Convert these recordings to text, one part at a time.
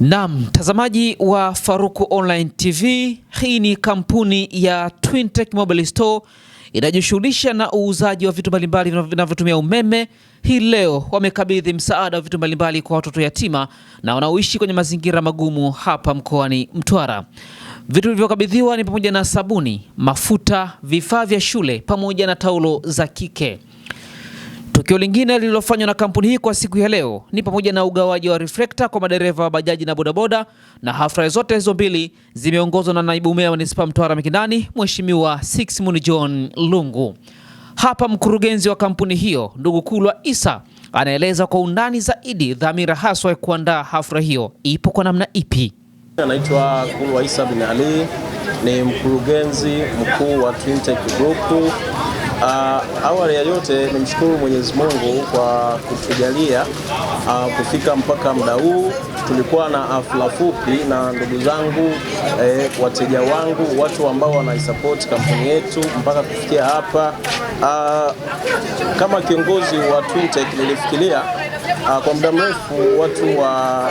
Na mtazamaji wa Faruku Online TV, hii ni kampuni ya Twintech Mobile Store inajishughulisha na uuzaji wa vitu mbalimbali vinavyotumia umeme. Hii leo wamekabidhi msaada wa vitu mbalimbali kwa watoto yatima na wanaoishi kwenye mazingira magumu hapa mkoani Mtwara. Vitu vilivyokabidhiwa ni pamoja na sabuni, mafuta, vifaa vya shule pamoja na taulo za kike. Tukio lingine lililofanywa na kampuni hii kwa siku ya leo ni pamoja na ugawaji wa reflector kwa madereva wa bajaji na bodaboda, na hafla zote hizo mbili zimeongozwa na naibu meya wa manispaa Mtwara Mikindani, Mheshimiwa Sixmund John Lungu. Hapa mkurugenzi wa kampuni hiyo ndugu Kulwa Isa anaeleza kwa undani zaidi dhamira haswa ya kuandaa hafla hiyo ipo kwa namna ipi. Anaitwa Kulwa Isa bin Ali, ni mkurugenzi mkuu wa Twintech Group Uh, awali ya yote nimshukuru Mwenyezi Mungu kwa kutujalia uh, kufika mpaka muda huu. Tulikuwa na hafla fupi na ndugu zangu eh, wateja wangu, watu ambao wanaisapoti kampuni yetu mpaka kufikia hapa. Uh, kama kiongozi wa Twintech nilifikiria kwa muda mrefu watu wa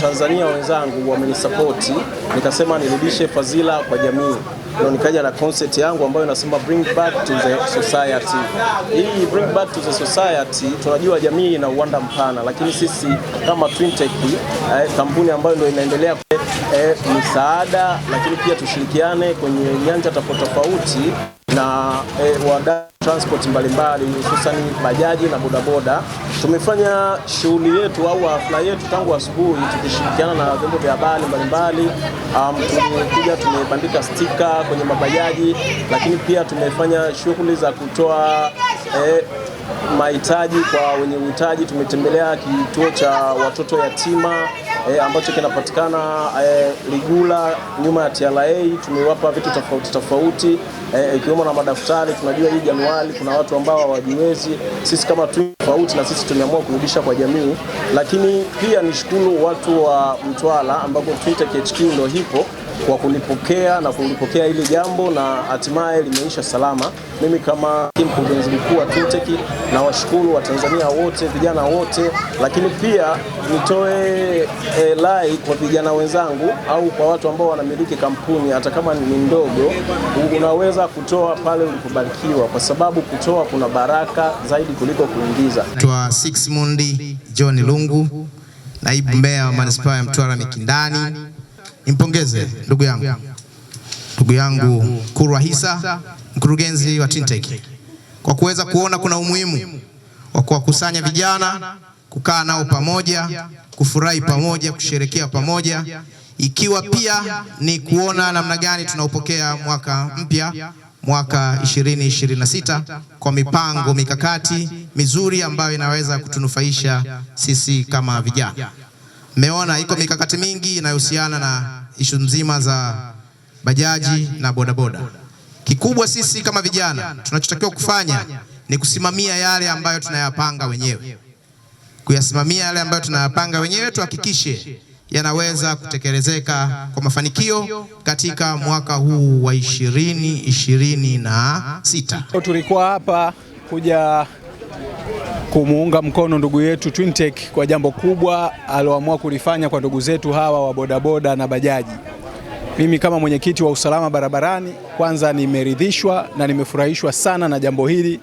Tanzania wenzangu wamenisapoti, nikasema nirudishe fadhila kwa jamii ndio nikaja na concept yangu ambayo inasema bring back to the society. Hii bring back to the society, tunajua jamii ina uwanda mpana, lakini sisi kama Twintech eh, kampuni ambayo ndio inaendelea eh, misaada, lakini pia tushirikiane kwenye nyanja tofauti tofauti na e, eh, wadau transport mbalimbali hususan bajaji na bodaboda. Tumefanya shughuli yetu au hafla yetu tangu asubuhi tukishirikiana na vyombo vya habari mbalimbali. Um, tumekuja tumebandika stika kwenye mabajaji, lakini pia tumefanya shughuli za kutoa e, mahitaji kwa wenye uhitaji. Tumetembelea kituo cha watoto yatima e, ambacho kinapatikana e, Ligula nyuma ya TRA. Tumewapa vitu tofauti tofauti eh, ikiwemo e, na madaftari. Tunajua hii Januari kuna watu ambao hawajiwezi, sisi kama tu tofauti na sisi tumeamua kurudisha kwa jamii, lakini pia nishukuru watu wa Mtwara ambako Twitter KHQ ndio hipo kwa kunipokea na kulipokea hili jambo na hatimaye limeisha salama. Mimi kama mkurugenzi mkuu wa Tintec na washukuru Watanzania wote, vijana wote, lakini pia nitoe e, eh, lai kwa vijana wenzangu au kwa watu ambao wanamiliki kampuni hata kama ni ndogo, unaweza kutoa pale ulipobarikiwa, kwa sababu kutoa kuna baraka zaidi kuliko kuingiza. Twa Sixmund John Lungu, naibu meya wa manispaa ya Mtwara Mikindani nimpongeze ndugu yangu ndugu yangu Kurwa mkurugenzi wa Tintec kwa kuweza kuona kuna umuhimu wa kuwakusanya vijana, kukaa nao pamoja, kufurahi pamoja, kusherekea pamoja, ikiwa pia ni kuona namna gani tunaopokea mwaka mpya mwaka 2026 kwa mipango mikakati mizuri ambayo inaweza kutunufaisha sisi kama vijana. Mmeona iko mikakati mingi inayohusiana na ishu nzima za bajaji na bodaboda. Kikubwa sisi kama vijana tunachotakiwa kufanya ni kusimamia yale ambayo tunayapanga wenyewe, kuyasimamia yale ambayo tunayapanga wenyewe, tuhakikishe yanaweza kutekelezeka kwa mafanikio katika mwaka huu wa ishirini ishirini na sita. Tulikuwa hapa kuja kumuunga mkono ndugu yetu Twintech kwa jambo kubwa aloamua kulifanya kwa ndugu zetu hawa wa bodaboda na bajaji. Mimi kama mwenyekiti wa usalama barabarani, kwanza nimeridhishwa na nimefurahishwa sana na jambo hili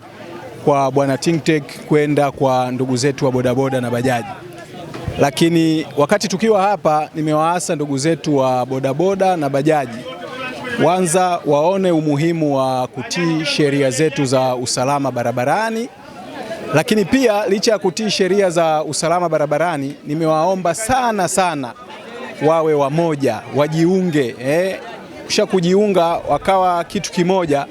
kwa bwana Twintech kwenda kwa ndugu zetu wa bodaboda na bajaji. Lakini wakati tukiwa hapa, nimewaasa ndugu zetu wa bodaboda na bajaji kwanza waone umuhimu wa kutii sheria zetu za usalama barabarani lakini pia licha ya kutii sheria za usalama barabarani, nimewaomba sana sana wawe wamoja, wajiunge eh. Kisha kujiunga wakawa kitu kimoja,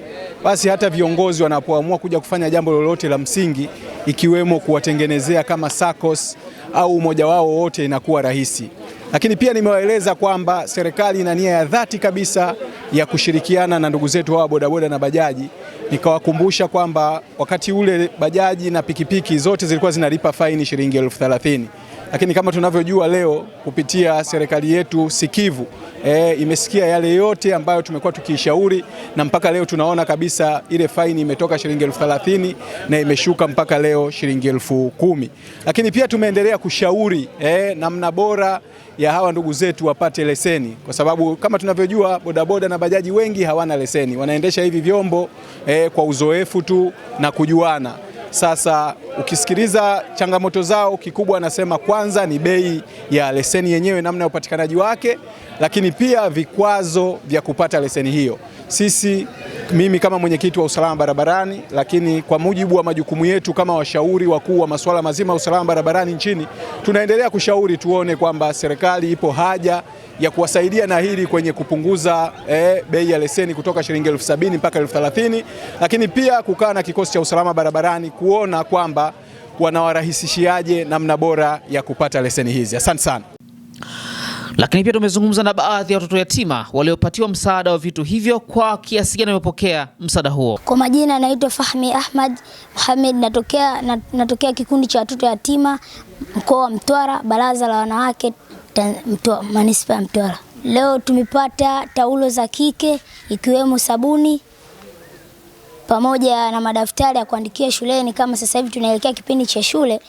basi hata viongozi wanapoamua kuja kufanya jambo lolote la msingi, ikiwemo kuwatengenezea kama SACCOS au umoja wao wote, inakuwa rahisi. Lakini pia nimewaeleza kwamba serikali ina nia ya dhati kabisa ya kushirikiana na ndugu zetu hawa bodaboda na bajaji. Nikawakumbusha kwamba wakati ule bajaji na pikipiki zote zilikuwa zinalipa faini shilingi elfu thelathini lakini kama tunavyojua leo kupitia serikali yetu sikivu e, imesikia yale yote ambayo tumekuwa tukiishauri na mpaka leo tunaona kabisa ile faini imetoka shilingi elfu thelathini na imeshuka mpaka leo shilingi elfu kumi lakini pia tumeendelea kushauri e, namna bora ya hawa ndugu zetu wapate leseni, kwa sababu kama tunavyojua bodaboda na bajaji wengi hawana leseni, wanaendesha hivi vyombo e, kwa uzoefu tu na kujuana. Sasa ukisikiliza changamoto zao, kikubwa anasema kwanza ni bei ya leseni yenyewe, namna ya upatikanaji wake, lakini pia vikwazo vya kupata leseni hiyo. Sisi mimi kama mwenyekiti wa usalama barabarani, lakini kwa mujibu wa majukumu yetu kama washauri wakuu wa masuala mazima ya usalama barabarani nchini, tunaendelea kushauri tuone kwamba serikali ipo haja ya kuwasaidia na hili kwenye kupunguza eh, bei ya leseni kutoka shilingi elfu sabini mpaka elfu thelathini, lakini pia kukaa na kikosi cha usalama barabarani kuona kwamba wanawarahisishiaje namna bora ya kupata leseni hizi. Asante sana. Lakini pia tumezungumza na baadhi ya watoto yatima waliopatiwa msaada wa vitu hivyo, kwa kiasi gani wamepokea msaada huo. Kwa majina anaitwa Fahmi Ahmad Muhamed, natokea, natokea kikundi cha watoto yatima mkoa wa Mtwara, baraza la wanawake manispaa ya Mtwara. Leo tumepata taulo za kike ikiwemo sabuni pamoja na madaftari ya kuandikia shuleni. Kama sasa hivi tunaelekea kipindi cha shule,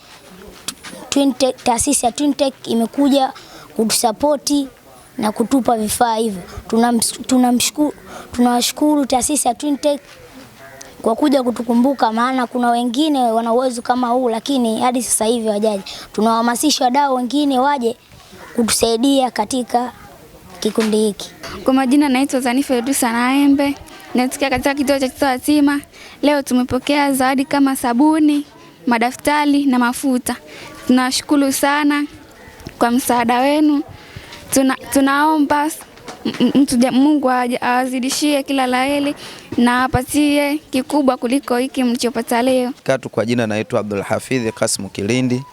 taasisi ya Twintech imekuja kutusapoti na kutupa vifaa hivyo. Tunamshukuru, tunawashukuru taasisi ya Twintech kwa kuja kutukumbuka, maana kuna wengine wana uwezo kama huu, lakini hadi sasa hivi hawajaje. Tunawahamasisha wadau wengine waje kutusaidia katika kikundi hiki. Kwa majina naitwa Zanifa Yudusa Naembe natukia katika kituo cha watoto yatima. Leo tumepokea zawadi kama sabuni, madaftari na mafuta. tunashukuru sana kwa msaada wenu. Tuna, tunaomba Mungu awazidishie kila laheri na apatie kikubwa kuliko hiki mlichopata leo. Katu kwa jina naitwa Abdul Hafidhi Kasmu Kilindi,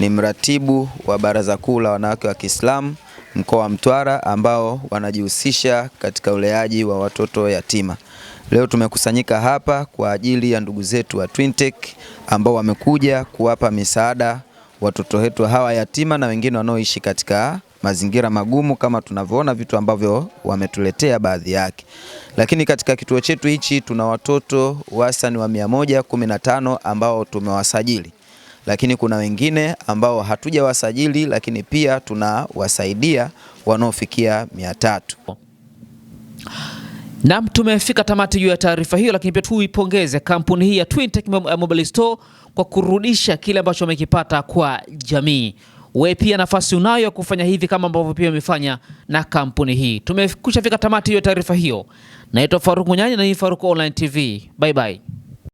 ni mratibu wa Baraza Kuu la Wanawake wa Kiislamu mkoa wa Mtwara ambao wanajihusisha katika uleaji wa watoto yatima. Leo tumekusanyika hapa kwa ajili ya ndugu zetu wa Twintech ambao wamekuja kuwapa misaada watoto wetu hawa yatima na wengine wanaoishi katika mazingira magumu kama tunavyoona vitu ambavyo wametuletea baadhi yake. Lakini katika kituo chetu hichi tuna watoto wastani wa 115 ambao tumewasajili, lakini kuna wengine ambao hatujawasajili, lakini pia tunawasaidia wanaofikia 300. Nam, tumefika tamati juu ya taarifa hiyo, lakini pia tuipongeze kampuni hii ya Twintech Mobile Store kwa kurudisha kile ambacho wamekipata kwa jamii. We pia nafasi unayo ya kufanya hivi kama ambavyo pia umefanya na kampuni hii. Tumekusha fika tamati hiyo taarifa hiyo. Naitwa faruku Nyanya na hii Faruku Online TV. Bye bye.